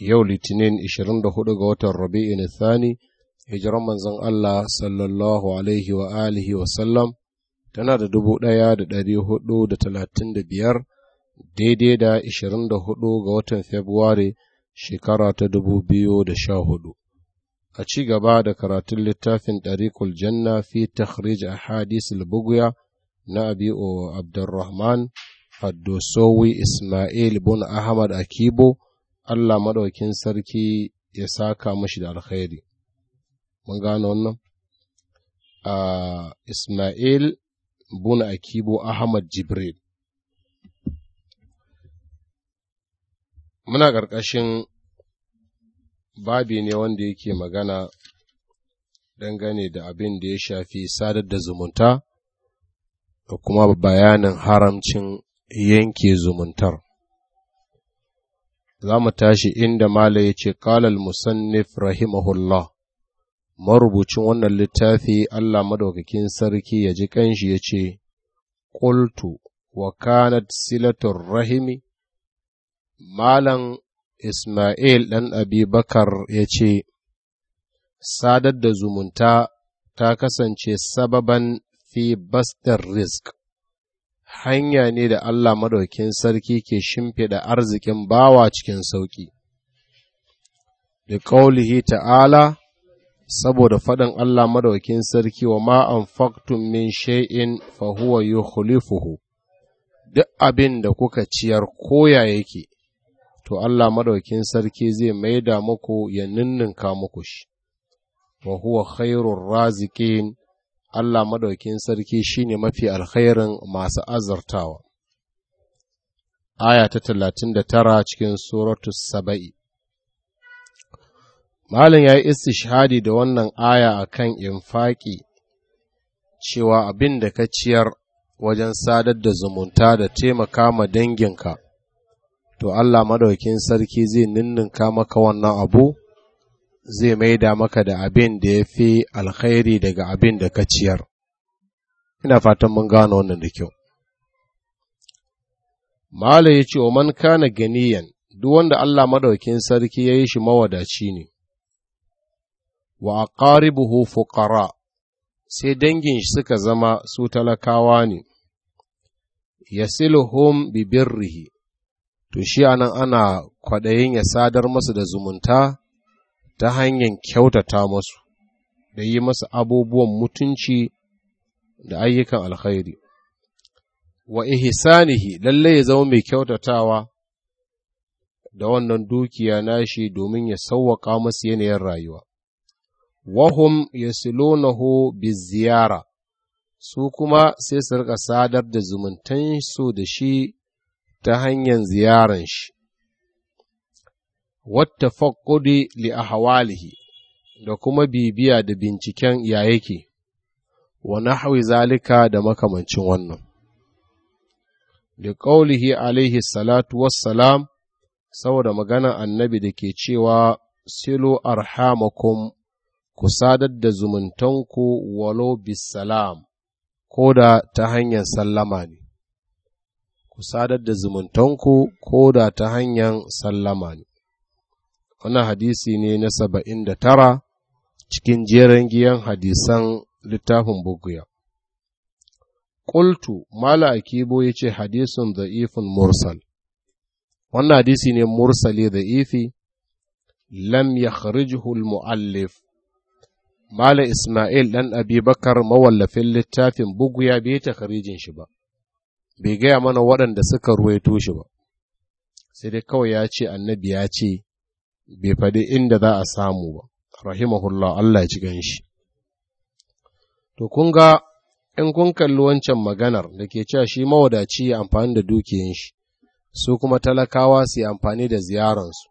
yau litinin 24 ga watan rabi'in thani hijiran manzon Allah sallallahu alaihi wa alihi wa sallam tana da 1435 daidai da 24 ga watan Februari shekara ta da 2014 a ci gaba da karatun littafin ɗariƙul janna fi takhrij a hadisul buguya na abi o abdurrahman addosowi ismail bin ahmad akibo Allah maɗaukin sarki ya saka mashi da alkhairi. Mun gano wannan? A Ismail Buna Akibo Ahmad Jibril. Muna ƙarƙashin babi ne wanda yake magana dangane da abin da ya shafi sadar da zumunta da kuma bayanin haramcin yanke zumuntar. za mu tashi inda Mala ya ce, Kalal Musannif rahimahullah, marubucin wannan littafi Allah madaukakin sarki ya ji kanshi ya ce, Ƙultu wa kanat silatun rahimi, Malam Ismail ɗan Abi Bakar ya ce, Sadar da zumunta ta kasance sababan fi bastar risk hanya ne da Allah Maɗaukin sarki ke shimfiɗa arzikin bawa cikin sauƙi. Da ƙaulihi ta'ala, saboda faɗin Allah madaukin sarki wa ma'an faktun min shay'in fahuwa hulifuhu, duk abin da kuka ciyar koya yake, to Allah Maɗaukin sarki zai maida muku ya ninninka muku shi, fahuwa khairun razikin Allah maɗaukin sarki shine mafi alkhairin masu azartawa aya ta talatin da tara cikin suratu saba'i Malam ya yi istishhadi da wannan aya a kan infaƙi cewa abin da ka ciyar wajen sadar da zumunta da taimaka ma danginka, to Allah maɗaukin sarki zai ninninka maka wannan abu zai maida maka da abin da ya fi alkhairi daga abin da ka ciyar ina fatan mun gano wannan da kyau Mala ya ce, man kana ganiyan, duk wanda Allah madaukin sarki ya yi shi mawadaci ne, wa a ƙaribuhu fuƙara, sai dangin shi suka zama su talakawa ne, ya siluhum bibirrihi, to shi anan ana kwaɗayin ya sadar masu da zumunta ta hanyar kyautata masu da yi masa abubuwan mutunci da ayyukan alkhairi wa ihsanihi lalle ya zama mai kyautatawa da wannan dukiya nashi domin ya sauwaƙa masu yanayin rayuwa wahum yasilunahu ziyara. su kuma sai su rika sadar da zumuntansu da shi ta hanyar ziyaran shi wata faƙudu li ahawalihi da kuma bibiya da binciken ya yake, wa nahwi zalika da makamancin wannan. Da ƙaulihi alaihi salatu wassalam saboda maganar annabi da ke cewa silo arhamakum ku sadar da zumuntanku walau bisalam ko da ta hanyar sallama ne. Ku sadar da zumuntanku ko da ta hanyar sallama ne. wannan hadisi ne na saba'in da tara cikin jeren giyan hadisan littafin buguya Kultu mala akibo ya ce hadisun da'ifin mursal wannan hadisi ne mursali za'ifi. lam ya muallif Mala Ismail ɗan Abibakar mawallafin littafin buguya bai ta karijin shi ba, bai gaya mana waɗanda suka ruwaito shi ba, sai dai kawai ya ce annabi ya ce bai faɗi inda za a samu ba rahimahullah Allah ya ci ganshi to kun ga in kun kalli wancan maganar da ke cewa shi mawadaci ya amfani da dukiyan shi su kuma talakawa su yi amfani da ziyaransu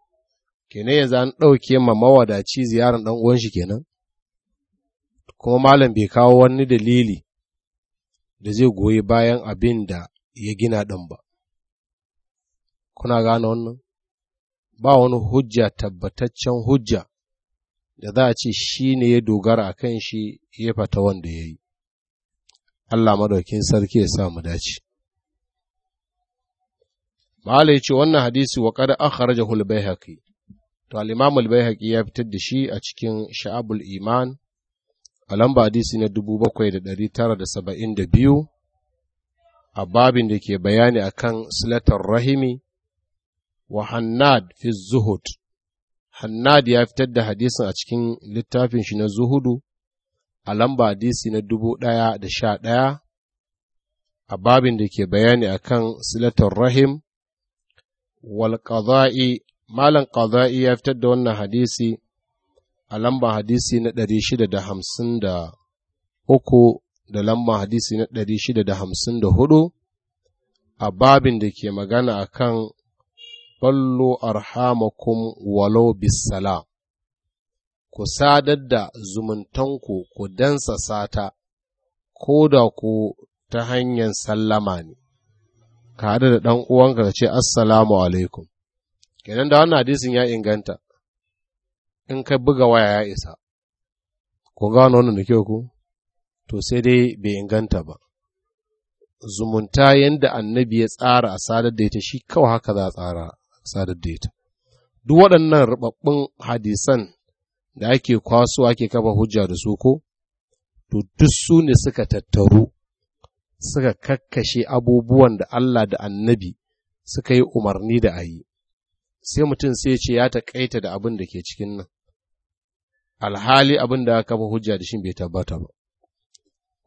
ne ya zan ɗauke ma mawadaci ziyaran ɗan uwan shi kenan kuma malam bai kawo wani dalili da zai goyi bayan abin da ya gina ɗin ba kuna gane wannan ba wani hujja tabbataccen hujja da za a ce shi ne ya dogara a kan shi ya fata wanda ya yi Allah madaukin sarki ya sa mu dace Mahala ya ce wannan hadisi wa kada an kharaja hulbai haƙi, to al'imamu hulbai haƙi ya fitar da shi a cikin sha'abul iman a lamba hadisi na 7,972 a babin da ke bayani akan silatar rahimi wa Hannad fi zuhud. Hannad ya fitar da hadisin a cikin littafin shi na zuhudu a lamba hadisi na dubu ɗaya da sha ɗaya a babin da ke bayani a kan silatar rahim wal qada'i malam qada'i ya fitar da wannan hadisi a lamba hadisi na ɗari shida da hamsin da uku da lamba hadisi na ɗari shida da hamsin da hudu a babin da ke magana akan ballo arhamakum walau bisalam, ku sadar da zumuntanku ku dansa sata, ko da ku ta hanyar sallama ne, ka haɗu da ɗan uwanka ka ce Assalamu alaikum, kenan da wannan hadisin ya inganta, in ka buga waya ya isa, ku gano wannan da kyau ku, to sai dai bai inganta ba. Zumunta yadda annabi ya tsara a sadar da ita shi kawai haka za a tsara. sadar da ita duk waɗannan rubabbun hadisan da ake kwaso ake kafa hujja da su ko to duk su ne suka tattaru suka kakkashe abubuwan da Allah da annabi suka yi umarni da ayi, sai mutum sai ce ya taƙaita da abin da ke cikin nan alhali abin da aka kafa hujja da shi bai tabbata ba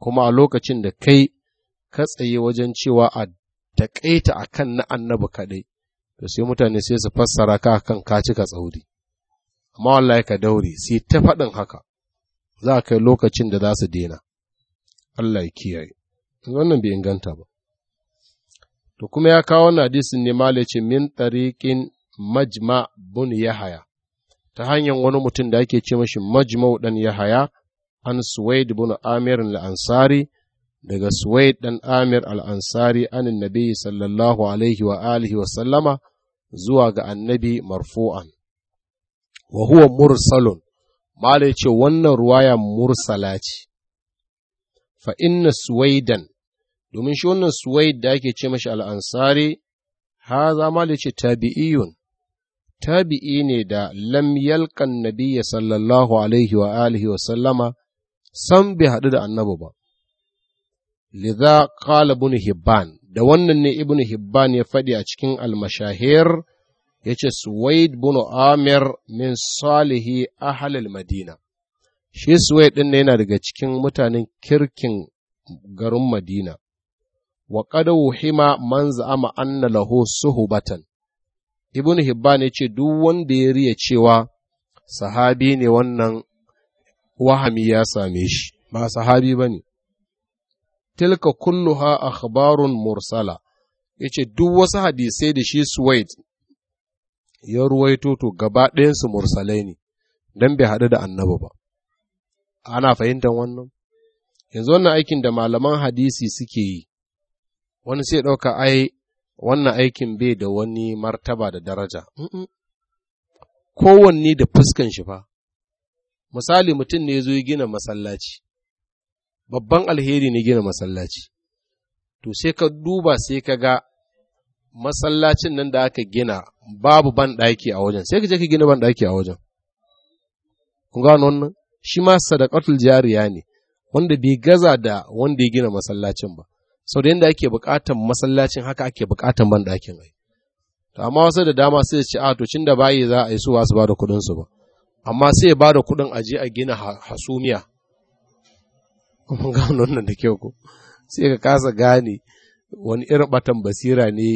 kuma a lokacin da kai ka tsaye wajen cewa a taƙaita a kan na annabi kaɗai to sai mutane sai su fassara ka kan ka cika tsauri amma wallahi ka daure sai ta faɗin haka za a kai lokacin da za su daina Allah ya kiyaye wannan bai inganta ba to kuma ya kawo wannan hadisin ne ce min tariqin majma bun yahaya ta hanyar wani mutum da ake ce mashi majma'u dan yahaya an suwaid bin amir al-ansari daga suwaid dan amir al-ansari anin nabi sallallahu alaihi wa alihi wa sallama zuwa ga annabi marfu'an wa huwa mursalun ma ya ce wannan ruwaya mursala ce fa inna suwaidan domin shi wannan suwaid da ake ce mashi al'ansari ha za mala ce tabi'iyun tabi'i ne da lam yalkan nabiyya sallallahu alaihi wa alihi wa sallama san bai haɗu da annabi ba liza qala ibn hibban da wannan ne ibnu hibban ya faɗi a cikin almashahir ya ce suwaid bin amir min salihi ahalil madina shi suwaid ɗin yana daga cikin mutanen kirkin garin madina wa qad wuhima man za'ama anna lahu suhbatan Ibn hibban ya ce duk wanda ya riya cewa sahabi ne wannan wahami ya same shi ba sahabi bane tilka kulluha akhbarun mursala yace duk wasu hadisai da shi suwaid ya ruwaito to gaba ɗayansu mursalai ne don bai haɗu da annabi ba ana fahimtar wannan yanzu wannan aikin da malaman hadisi suke yi wani sai ɗauka ai wannan aikin bai da wani martaba da daraja kowanne da fuskan shi fa misali mutum ne ya zo ya gina masallaci babban alheri ne gina masallaci to sai ka duba sai ka ga masallacin nan da aka gina babu ban ɗaki a wajen sai ka je ka gina ban ɗaki a wajen kun gano wannan shi ma sadaqatul jariya ne wanda bai gaza da wanda ya gina masallacin ba sau da yadda ake bukatan masallacin haka ake bukatan ban ɗakin ai to amma wasu da dama sai ce a to cin da bayi za a yi su ba su ba da kuɗin su ba amma sai ya ba da kuɗin aje a gina hasumiya mun gano wannan da kyau ko sai ka kasa gane wani irin batan basira ne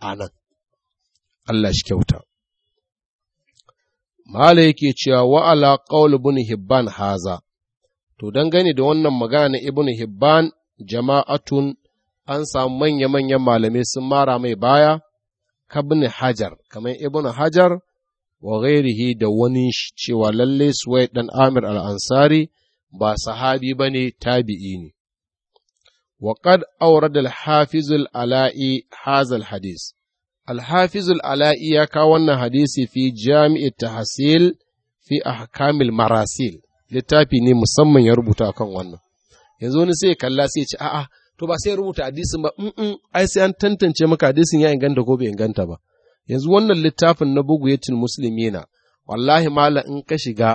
a nan Allah shi kyauta Mala yake cewa wa'ala qaul ibn Hibban haza, to dangane da wannan magana na ibn Hibban jama'atun an samu manya-manyan malamai sun mara mai baya, kabni Hajar, kamar ibn Hajar wa ghairihi da wani cewa lalle Suwaid ɗan Amir al ansari ba sahabi ba ne tabi'i ne. da Hazal أورد الحافظ alai ya kawo ya kawo wannan حديث ta جامع التحصيل a أحكام marasil, littafi ne musamman ya rubuta kan wannan yanzu wani sai kalla sai ce a'a to ba sai rubuta hadisin ba in ai sai an tantance maka hadisin ya inganta ko bai inganta ba yanzu wannan littafin na bugu ya musulmi na wallahi mala in ka shiga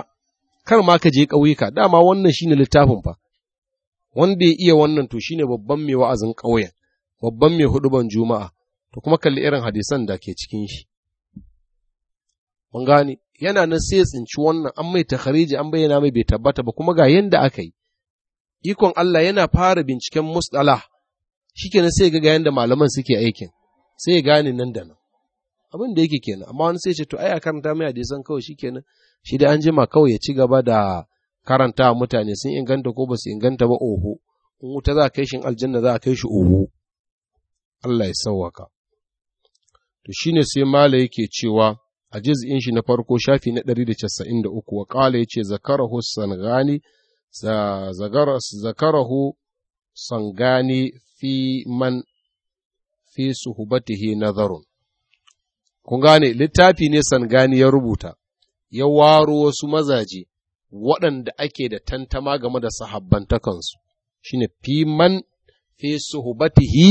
kar ma ka je ƙauyuka dama wannan shine littafin fa wanda ya iya wannan to shine babban mai wa'azin ƙauyen babban mai huduban juma'a to kuma kalli irin hadisan da ke cikin shi mun gane yana nan sai ya tsinci wannan an mai takhariji an bayyana mai bai tabbata ba kuma ga yanda aka yi ikon Allah yana fara binciken mustalah shikenan sai ga ga yanda malaman suke aikin sai ya gane nan da nan abin da yake kenan amma wani sai ce to ai a karanta mai hadisan kawai shikenan shi da an jima kawai ya ci gaba da karanta mutane sun inganta ko ba su inganta ba oho in wuta za a kai shi aljanna za a kai shi oho Allah ya sauwaka to shine sai mala yake cewa a juz'in shi na farko shafi na 193 wa qala yace zakarahu sangani zakarahu sangani fi man fi suhbatihi nazarun Kun gane, littafi ne Sangani ya rubuta, ya waro wasu mazaje waɗanda ake da tantama game da sahabbantakansu, shi ne fiman fi suhubatihi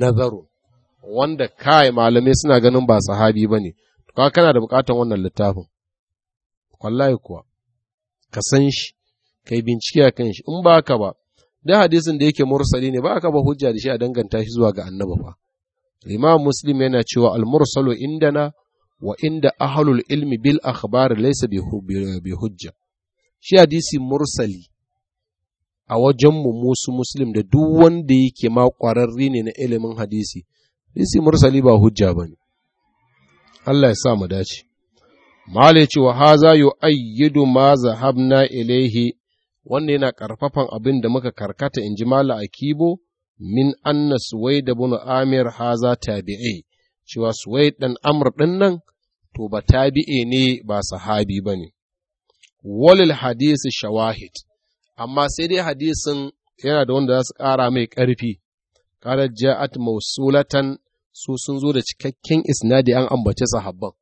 nazarun, wanda kai malamai suna ganin ba sahabi ba ne, ka kana da bukatan wannan littafin, wallahi kuwa, ka san shi, kai bincike a kan shi, in ba ka ba, da hadisin da yake mursali ne ba ka ba hujja da shi a danganta shi zuwa ga annaba ba. Imam Muslim yana cewa al-mursalu indana wa inda ahlul ilmi bil akhbar laysa bi hujja. Shi hadisi mursali a wajen mu musu Muslim da duk wanda yake ma ƙwararri ne na ilimin hadisi, hadisi mursali ba hujja ba ne. Allah ya sa mu dace. Male wa haza yu ayyidu ma zahabna ilaihi wannan yana karfafan abin da muka karkata inji ji mala akibo min anna suwaid bin amir haza tabi'i cewa suwaid dan amr din nan to ba tabi'i ne ba sahabi ba ne. walil hadisi shawahid amma sai dai hadisin yana da wanda za su ƙara mai ƙarfi ƙarar ja'at mausulatan su sun zo da cikakken isnadi an ambace sahabban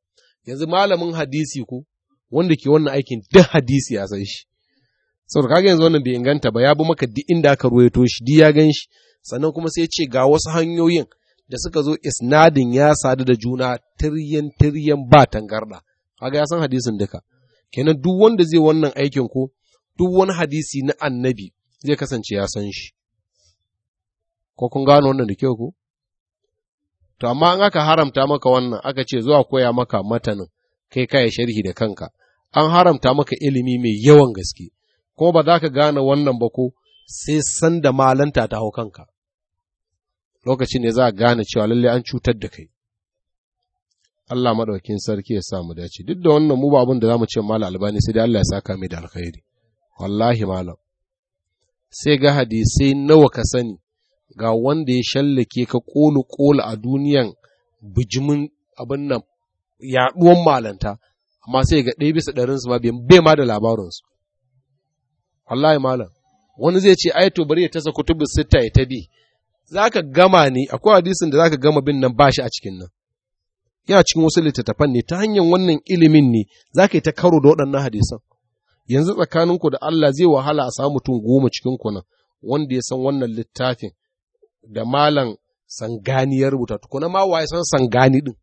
yanzu malamin hadisi ko wanda ke wannan aikin duk hadisi ya san shi saboda kaga yanzu wannan bai inganta ba ya bi maka duk inda aka ruwaito shi duk ya gan sannan kuma sai ce ga wasu hanyoyin da suka zo isnadin ya sadu da juna tiryan tiryan ba tangarda kaga ya san hadisin duka kenan duk wanda zai wannan aikin ko duk wani hadisi na annabi zai kasance ya san shi ko kun gano wannan da kyau ko to amma an aka haramta maka wannan aka ce zuwa koya maka matanin kai kai sharhi da kanka an haramta maka ilimi mai yawan gaske kuma ba za ka gane wannan ba ko sai san da malanta ta hau kanka lokacin ne za a gane cewa lalle an cutar da kai Allah maɗaukin sarki ya samu dace duk da wannan mu ba da za mu ce malam albani sai dai Allah ya saka mai da alkhairi wallahi malam sai ga hadisai nawa ka sani ga wanda ya shallake ka kolu kolu a duniyan bijimin abin nan yaɗuwan malanta amma sai ga ɗaya bisa ɗarin su ma bai ma da labarinsu wallahi malam wani zai ce ai to bari ya tasa kutubin sita ya ta bi za ka gama ne akwai hadisin da za ka gama bin nan ba shi a cikin nan yana cikin wasu littattafan ne ta hanyar wannan ilimin ne za ka yi ta karo da waɗannan hadisan yanzu tsakaninku da Allah zai wahala a samu mutum goma cikin ku nan wanda ya san wannan littafin da malam sangani ya rubuta na ma waye san sangani din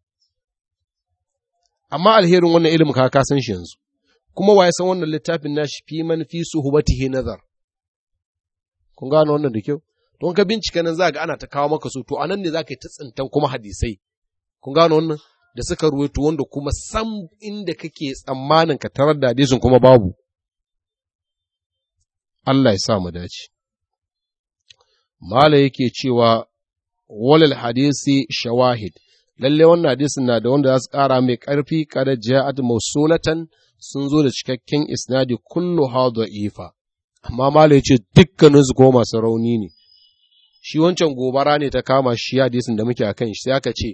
amma alherin wannan ilimin ka ka san shi yanzu kuma waye san wannan littafin nashi fi man fi suhubatihi nazar kun gano wannan da kyau Don ka bincika nan za ga ana ta kawo maka su, to a nan ne za ka yi ta tsintan kuma hadisai. Kun gano wannan? Da suka ruwaito wanda kuma sam inda kake tsammanin ka tarar da hadisin kuma babu. Allah ya sa mu dace. Mala yake cewa walal hadisi shawahid, lalle wannan hadisin na da wanda za su ƙara mai ƙarfi kada ja'at mausulatan sun zo da cikakken isnadi kullu ha ifa. Amma Mala ya ce dukkanin su kuma masu rauni ne, shi wancan gobara ne ta kama shi hadisin da muke a kan shi sai aka ce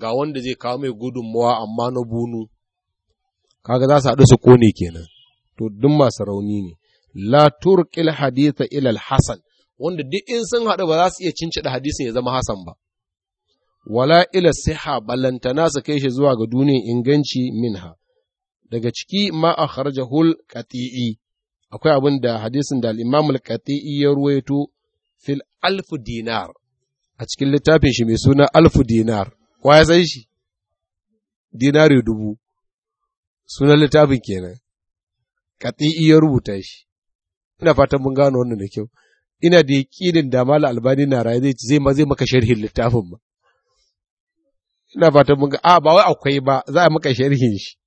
ga wanda zai kawo mai gudunmawa amma na bunu kaga za su haɗu su kone kenan to duk masu rauni ne la turqil haditha ila al-hasan wanda duk in sun haɗu ba za su iya cincida hadisin ya zama hasan ba wala ila siha balantana su kai shi zuwa ga duniyar inganci minha daga ciki ma akhrajahul qati'i akwai abinda hadisin da al-imam al-qati'i ya ruwaito fil alfu dinar a cikin littafin shi mai suna alfu dinar wa ya san shi dinari dubu sunan littafin kenan katsi iya rubuta shi ina fatan mun gano wannan da kyau ina da yaƙinin da mala albani na raye zai zai zai maka sharhin littafin ma ina fatan mun ga a ba wai akwai ba za a maka sharhin shi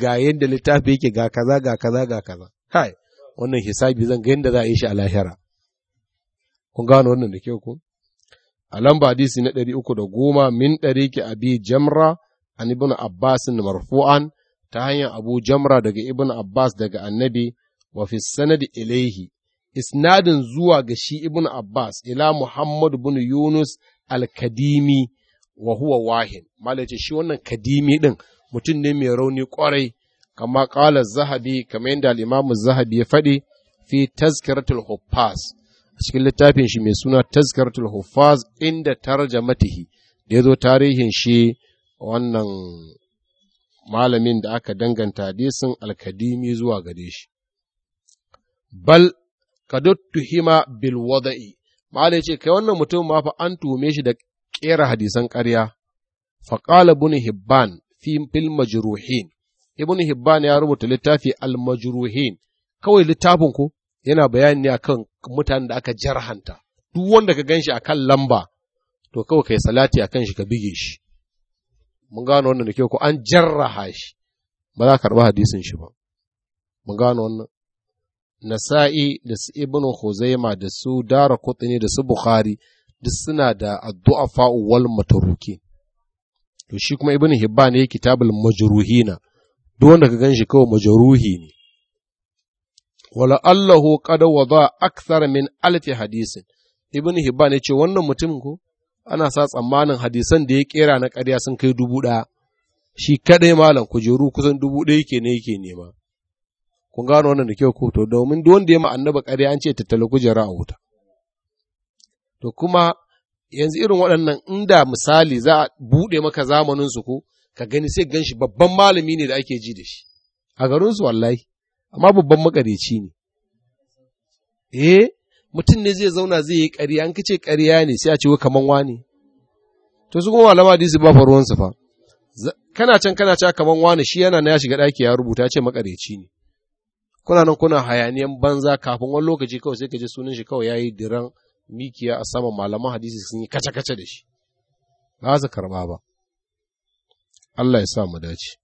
ga yadda littafi yake ga kaza ga kaza ga kaza hai wannan hisabi zan ga yadda za a yi shi a lahira kun gano wannan da kyau ko a lamba hadisi na ɗari uku da goma min ɗari ki abi jamra an ibn abbas marfu'an ta hanyar abu jamra daga ibn abbas daga annabi wa fi sanadi ilaihi isnadin zuwa ga shi ibn abbas ila Muhammadu bin yunus al-kadimi wa huwa wahin shi wannan kadimi din mutum ne mai rauni kwarai kama kala zahabi kamar yadda al-imamu zahabi ya faɗi fi tazkiratul huffaz a cikin littafin shi mai suna tazkaratul huffaz inda tarjamatihi da ya zo tarihin shi wannan malamin da aka danganta hadisin alkadimi zuwa gare shi bal kadattu tuhima bil wada'i malai ce kai wannan mutum ma fa an tume shi da kera hadisan ƙarya faqala ibn hibban fi bil majruhin ibn hibban ya rubuta littafi al majruhin kawai littafin ko yana bayani ne akan mutanen da aka jarhanta duk wanda ka ganshi kan lamba to kawai kai salati akan shi ka bige shi mun gano wannan da ke ko an jarraha shi ba za ka karɓi hadisin shi ba mun gano wannan nasa'i da su ibn huzaima da su dara kutini da su bukhari duk suna da addu'a fa'uwal mataruki to shi kuma ibn Hibba ne kitabul majruhina duk wanda ka ganshi kawai majruhi ne wala allahu qada wada aksar min alfi hadisin ibn Hibba ne ce wannan mutum ko ana sa tsammanin hadisan da ya kera na karya sun kai dubu ɗaya shi kadai malam kujeru kusan dubu ɗaya yake ne yake nema kun gano wannan da kyau ko to domin duk wanda ya ma annaba karya an ce tattala kujera a wuta to kuma yanzu irin waɗannan inda misali za a buɗe maka zamanin su ko ka gani sai ganshi babban malami ne da ake ji da shi a garinsu wallahi amma babban makareci ne eh mutum ne zai zauna zai yi ƙarya an kace ƙarya ne sai a ce wai kaman wani to su kuma malama hadisi ba faruwansa fa kana can kana ca kaman wani shi yana na ya shiga ɗaki ya rubuta ce makareci ne kuna nan kuna hayaniyan banza kafin wani lokaci kawai sai ka ji sunan shi kawai ya yi diran mikiya a saman malaman hadisi sun yi kace-kace da shi ba su karba ba Allah ya sa mu dace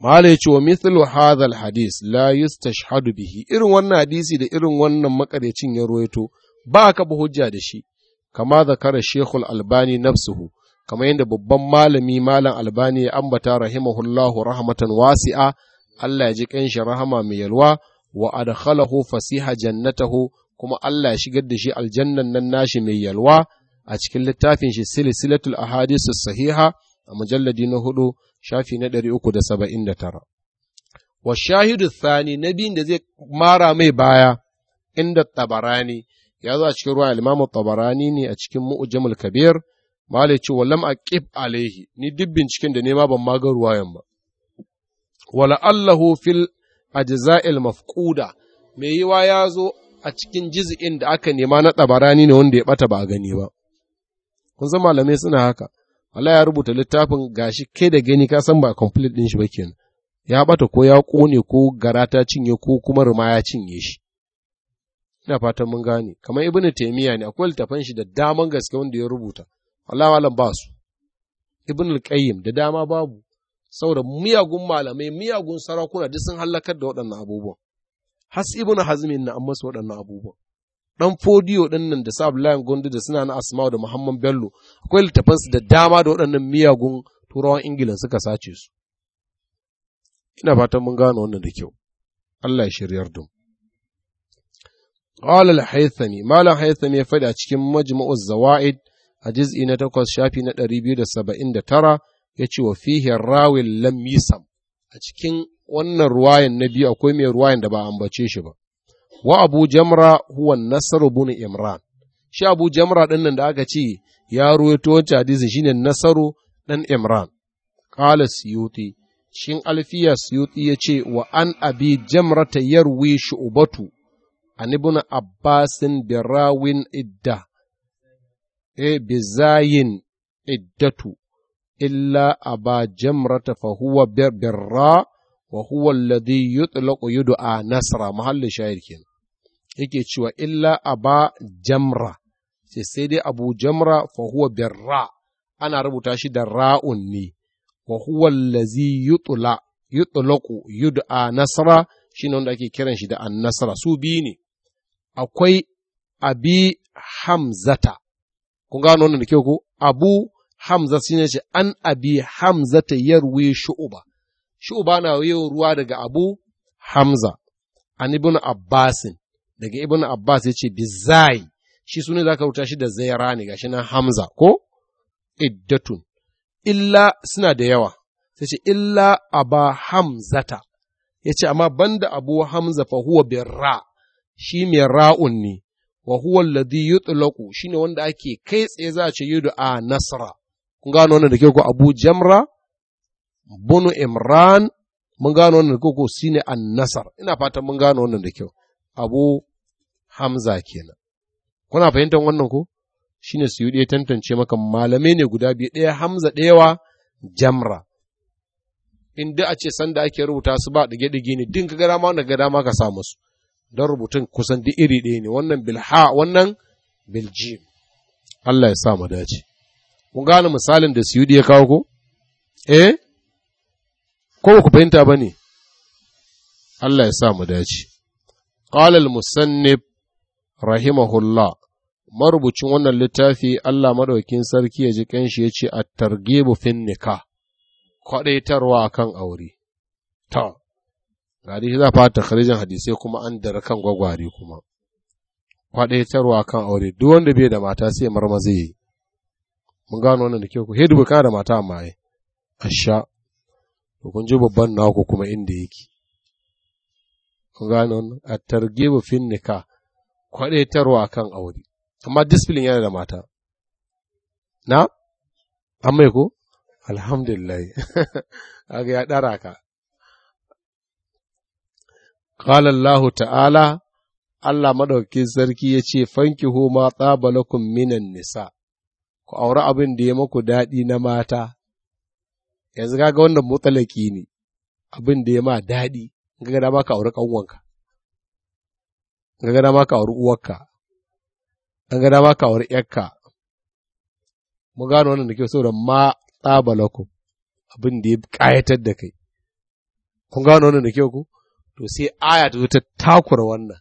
Mala ya ce wa mithlu hadhal hadis la yustashhadu bihi irin wannan hadisi da irin wannan makarecin ya ruwaito ba ka ba hujja da shi kama zakara Sheikhul Albani nafsuhu kamar yadda babban malami malam Albani ya ambata rahimahullahu rahmatan wasi'a Allah ya ji kanshi rahama mai yalwa wa adkhalahu fasiha jannatahu kuma Allah ya shigar da shi aljannan nan nashi mai yalwa a cikin littafin shi silsilatul ahadith sahiha a mujalladi na hudu shafi na ɗari uku da saba'in da tara. Wa shahidu thani na biyun da zai mara mai baya inda tabarani ya zo a cikin ruwa alimamu tabarani ne a cikin mu'ujamul kabir malai ce wallam a ƙib alaihi ni duk binciken da nema ban maga ruwayan ba. Wala Allahu fil ajza'il mafquda mai yiwa ya zo a cikin jizi'in da aka nema na tabarani ne wanda ya bata ba a gani ba. Kun san malamai suna haka. Allah ya rubuta littafin gashi kai da gani ka san ba complete din shi ba kenan ya bata ko ya kone ko garata cinye ko kuma ruma ya cinye shi ina fatan mun gane kamar ibnu taymiya ne akwai littafan shi da daman gaske wanda ya rubuta Allah walan ba su ibnu qayyim da dama babu saboda miyagun malamai miyagun sarakuna duk sun halakar da waɗannan abubuwan has ibnu hazmin na amma su waɗannan abubuwan ɗan fodiyo ɗin nan da sa Abdullahi Gondo da suna na Asma'u da Muhammad Bello akwai littafan su da dama da waɗannan miyagun turawan Ingila suka sace su ina fatan mun gano wannan da kyau Allah ya shiryar dum قال الحيثمي ما لا حيثمي فدا cikin majmu'u zawaid a juz'i na 8 shafi na 279 yace wa fihi rawin lam a cikin wannan ruwayan na biyu akwai mai ruwayan da ba ambace shi ba wa abu jamra huwa nasar bin imran shi abu jamra din nan da aka ce ya ruwaito wancan hadisin shine nasaru dan imran qala suyuti shin alfiya suyuti yace wa an abi jamrata yarwi shu'batu an ibn abbasin birawin idda e eh, bizayin iddatu illa aba jamrata fa huwa birra wa huwa alladhi yutlaqu yud'a nasra mahallin shahid kenan yake cewa illa aba jamra sai dai abu jamra fa huwa birra ana rubuta shi da ra'un ne wa huwa allazi yutla yutlaqu yud'a nasra shine wanda ake kiran shi da annasra su biyu ne akwai abi hamzata kun gano wannan da kyau ko abu hamza shine ce an abi hamzata yarwi shu'ba uba na yau ruwa daga abu hamza an ibn abbasin daga ibn abbas ya ce bizai shi sune zaka rubuta shi da zaira ne shi na hamza ko iddatun illa suna da yawa sai ce illa ba hamzata ya ce amma banda abu hamza fa birra shi mai ra'un ne wa huwa alladhi yutlaqu shine wanda ake kai tsaye za a ce a nasra kun gano wanda da ke ko abu jamra bunu imran mun gano wannan koko shine an ina fatan mun gano wannan da kyau abu hamza kenan kuna fahimtar wannan ko shine su ya tantance maka malamai ne guda biyu daya hamza dayawa jamra inda a ce sanda ake rubuta su ba ɗage-ɗage ne din ka dama wanda ga dama ka samu su don rubutun kusan duk iri daya ne wannan bilha wannan biljim Allah ya sa mu dace kun gane misalin da Suyudi ya kawo ko eh ko ku fahimta ba ne Allah ya sa mu dace ƙalal musannib rahimahullah marubucin wannan littafi Allah madaukin sarki ya ji kanshi ya ce a targebu fin nika kwadaitarwa kan aure ta gari shi za fata kharijin hadisai kuma an dara kan gwagware kuma kwadaitarwa kan aure duk wanda bai da mata sai marmaza yi mun gano wannan da kyau ku hedu da mata amma ai asha to kun ji babban naku kuma inda yake kun gane wannan a targibu fin nika kwadaitarwa kan aure amma discipline yana da mata na an mai ko alhamdulillah Aga ya dara ka qala allah ta'ala Allah madaukakin sarki ya ce fanki ma tsaba minan nisa ku aure abin da ya maku daɗi na mata yanzu kaga wannan mutsalaki ne abin da ya ma daɗi ga dama ka auri ƙanwanka ga dama ka auri uwarka an ga dama ka auri ƴarka mu gano wannan da kyau saboda ma tsabalaku abin da ya ƙayatar da kai kun gano wannan da kyau ku to sai aya ta zo ta takura wannan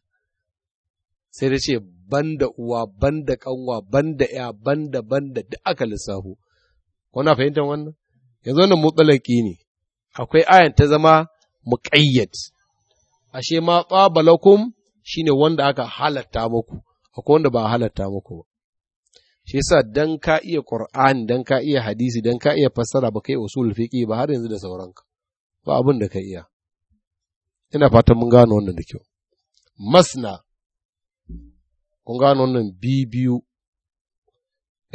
sai ta ce ban da uwa ban da ƙanwa, ban da ƴa, ban da ban da aka lissafo kuna fahimtar wannan yanzu wannan mutsalaki ne akwai ayan ta zama muƙayyad ashe ma tsabalakum ne wanda aka halatta muku akwai wanda ba halatta muku ba shi yasa dan ka iya qur'ani dan ka iya hadisi dan ka iya fassara ba kai usul fiqi ba har yanzu da sauranka ba abin da ka iya ina fatan mun gano wannan da kyau masna kun gano wannan biyu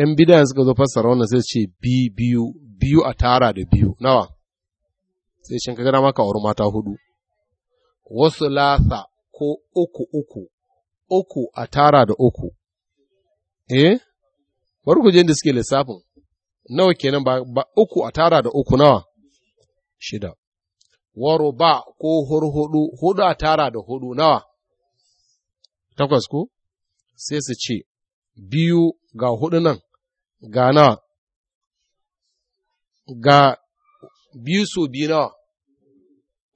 ‘yan bidan suka zo fassara wannan sai ce biyu biyu a tara da biyu nawa sai shi ka gana maka wuri mata hudu wasu lasa ko uku uku uku a tara da uku eh bari ku je da suke lissafin nawa kenan ba, uku a tara da uku nawa shida waro ba ko hudu hudu a tara da hudu nawa takwas ko sai su ce biyu ga hudu nan ga nawa ga biyu so biyu nawa,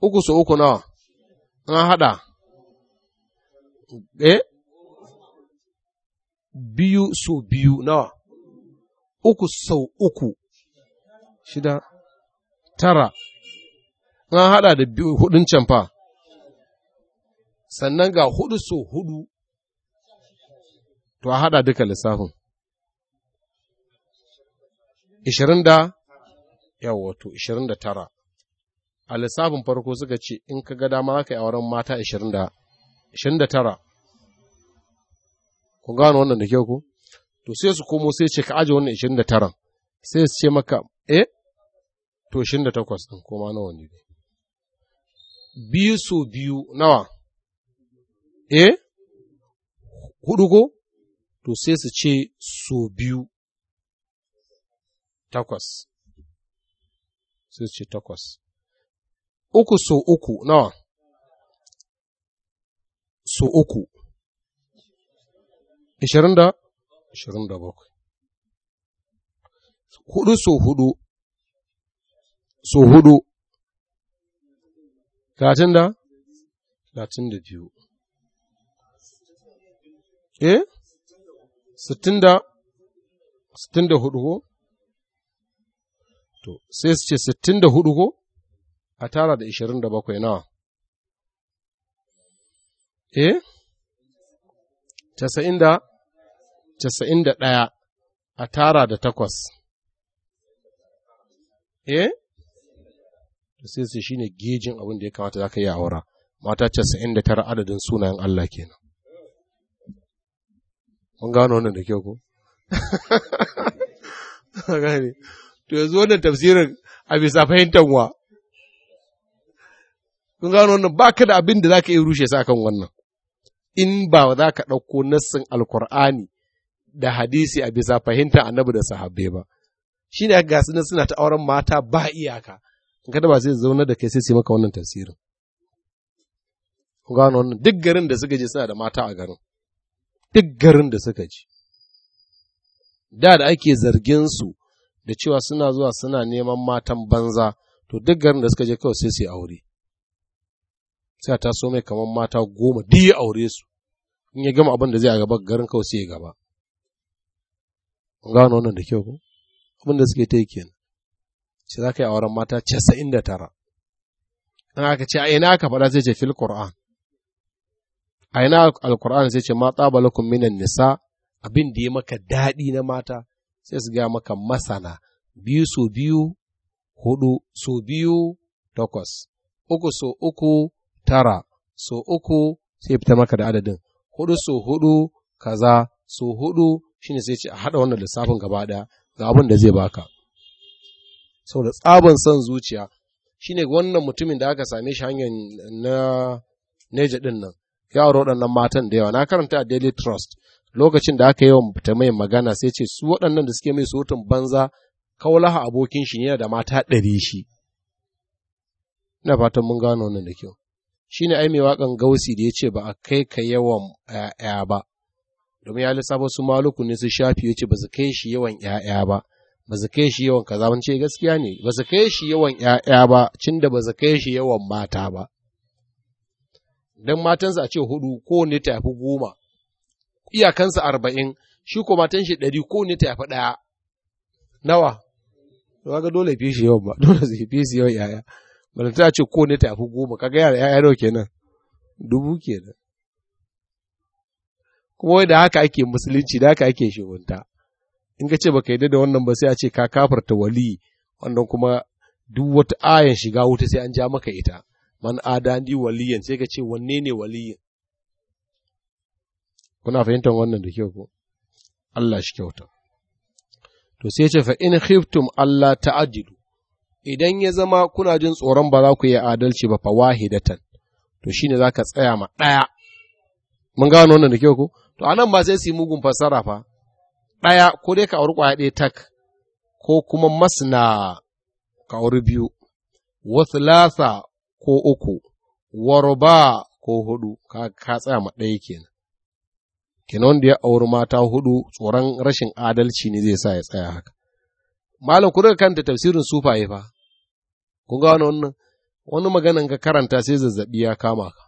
uku so uku nawa, an haɗa, e? Biyu so biyu nawa, uku sau uku, shida, tara, an haɗa da hudun can fa, sannan ga hudu so hudu, to a haɗa duka lissafin. Ishirin da yawa to 29 a lissafin farko suka ce in ka ga dama za ka yi auren mata 29 ku gano wannan da kyau ku to sai su komo sai ce ka aje wannan 29 sai su ce maka eh to 28 din koma nawa ne biyu so biyu nawa eh hudu ko to sai su ce so biyu takwas sai ce takwas uku so uku nawa so uku ishirin da ishirin da bakwai hudu so hudu so hudu talatin da talatin da biyu eh sittin da sittin da hudu ko To, sai su ce sittin da hudu ko? A tara da ishirin da bakwai nawa. Eh? Casa'in da? Casa'in da ɗaya a tara da takwas. Eh? To sai su shi ne gejin abin da ya kamata za ka yi aura. Mata casa'in da tara adadin sunayen Allah kenan. Mun gano wannan da kyau ko? to yanzu wannan tafsirin a bisa fahimtar wa kun gano wannan baka da abin da zaka iya rushe sa kan wannan in ba za ka ɗauko nassin alkur'ani da hadisi a bisa fahimta annabi da sahabbai ba shi ne ga sunan suna ta auren mata ba iyaka in kada ba zai zauna da kai sai su maka wannan tafsirin gano wannan duk garin da suka je suna da mata a garin duk garin da suka je da da ake zargin su da cewa suna zuwa suna neman matan banza to duk garin da suka je kawai sai su aure sai ta so mai kamar mata goma da ya aure su in ya gama abin da zai a gaba garin kawai sai ya gaba wani wannan da kyau ko abin da suke ta yi kenan ce za ka yi auren mata casa'in da tara in aka ce a ina aka faɗa zai ce fil qur'an a ina alqur'an zai ce ma tsabalakum minan nisa abin da ya maka daɗi na mata sai su gaya maka masana biyu so biyu hudu so biyu takwas uku so uku tara so uku sai fita maka da adadin hudu so hudu kaza so hudu shine sai ce a haɗa wannan lissafin gaba ɗaya ga abin da zai baka saboda tsabin son zuciya shine wannan mutumin da aka same shi hanyar na neja ɗin nan ya waɗannan matan da yawa na karanta a daily trust lokacin da aka yi wa ta magana sai ce su waɗannan da suke mai surutun banza kawulaha abokin shi yana da mata ɗari shi ina fatan mun gano wannan da kyau shine ai mai waƙan gausi da ya ce ba a kai ka yawan ‘ya'ya ba domin ya lissafa su maluku ne su shafi ya ce ba su kai shi yawan ‘ya'ya ba ba su kai shi yawan kaza ban gaskiya ne ba su kai shi yawan ‘ya'ya ba cin da ba su kai shi yawan mata ba don matansa a ce hudu ko ne tafi goma iyakansa arba'in, shi ko matan shi ɗari ko ne ta yafi ɗaya. Nawa? Ba ga dole fi shi yawan ba, dole zai fi shi yawan yaya. Bala ta ce ko ne ta yafi goma, kaga yara yaya nawa kenan? Dubu kenan. Kuma wai da haka ake musulunci, da haka ake shugunta In ka ce baka yi da wannan ba sai a ce ka kafarta wali, wannan kuma duk wata ayan shiga wuta sai an ja maka ita. Man adani waliyan sai ka ce wanne ne waliyan? kuna fahimtar wannan da kyau ko Allah shi kyauta to sai ce fa in khiftum Allah ta'adilu idan ya zama kuna jin tsoron ba za ku yi adalci ba fa wahidatan to shine zaka tsaya ma daya mun gano wannan da kyau ko to anan ba sai su yi mugun fasara fa daya ko dai ka auri kwaya ɗaya tak ko kuma masna ka auri biyu wa thalatha ko uku wa ruba ko hudu ka tsaya ma ɗaya kenan kenan da ya auri mata hudu tsoron rashin adalci ne zai sa ya tsaya haka malam ku daga kanta tafsirin sufaye fa kun ga wani wannan wani maganan ka karanta sai zazzabi ya kama ka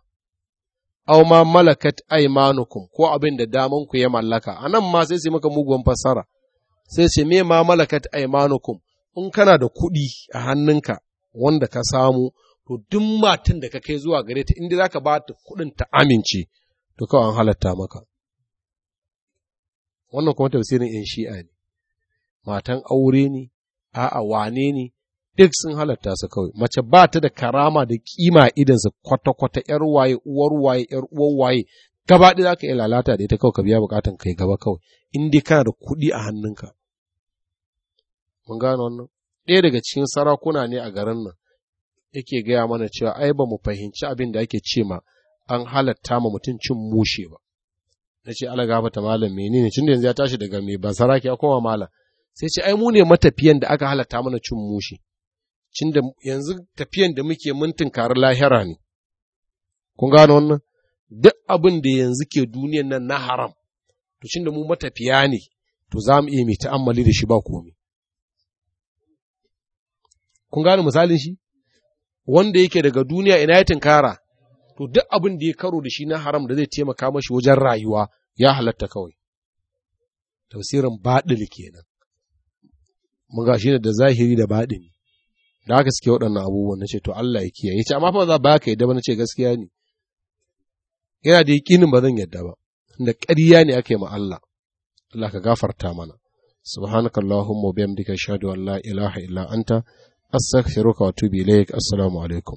Au ma malakat aimanukum ko abin da daman ku ya mallaka a nan ma sai maka muguwan fassara sai sai me ma malakat aimanukum in kana da kuɗi a hannunka wanda ka samu to duk matan da ka kai zuwa gare ta inda ka ba ta kuɗin ta amince to kawai an halatta maka wannan kuma tafsirin ‘yan shi'a ne, matan aure ne, a'a wane ne, duk sun halatta su kawai, mace ba ta da karama da kima idansa kwata-kwata ‘yar waye, uwar waye, ‘yar uwar waye, gaba ɗaya za ka iya lalata da ita kawai ka biya bukatan kai gaba kawai, in dai kana da kuɗi a hannunka. Mun gano wannan? Ɗaya daga cikin sarakuna ne a garin nan, yake gaya mana cewa ai ba mu fahimci abin da ake ce ma an halatta ma mutum cin mushe ba. na ce ala ga ta malam menene cin da yanzu ya tashi daga mai ban saraki ya koma malam sai ce ai mu ne matafiyan da aka halatta mana cin mushi cin yanzu tafiyan da muke mun tunkari lahira ne kun gano wannan duk abin da yanzu ke duniyan nan na haram to cin mu matafiya ne to za mu iya mai ta'ammali da shi ba komai kun gano misalin shi wanda yake daga duniya ina ya tunkara to duk abin da ya karo da shi na haram da zai taimaka mashi wajen rayuwa ya halatta kawai tafsirin baɗil kenan mun ga shi da zahiri da baɗini da aka suke waɗannan abubuwan na ce to Allah ya kiyaye ce amma fa za ba ka yadda ba na ce gaskiya ne yana da yaƙinin ba zan yadda ba da ƙarya ne aka yi ma Allah Allah ka gafarta mana subhanaka allahumma wa bihamdika ashhadu an la ilaha illa anta astaghfiruka wa atubu ilaik assalamu alaikum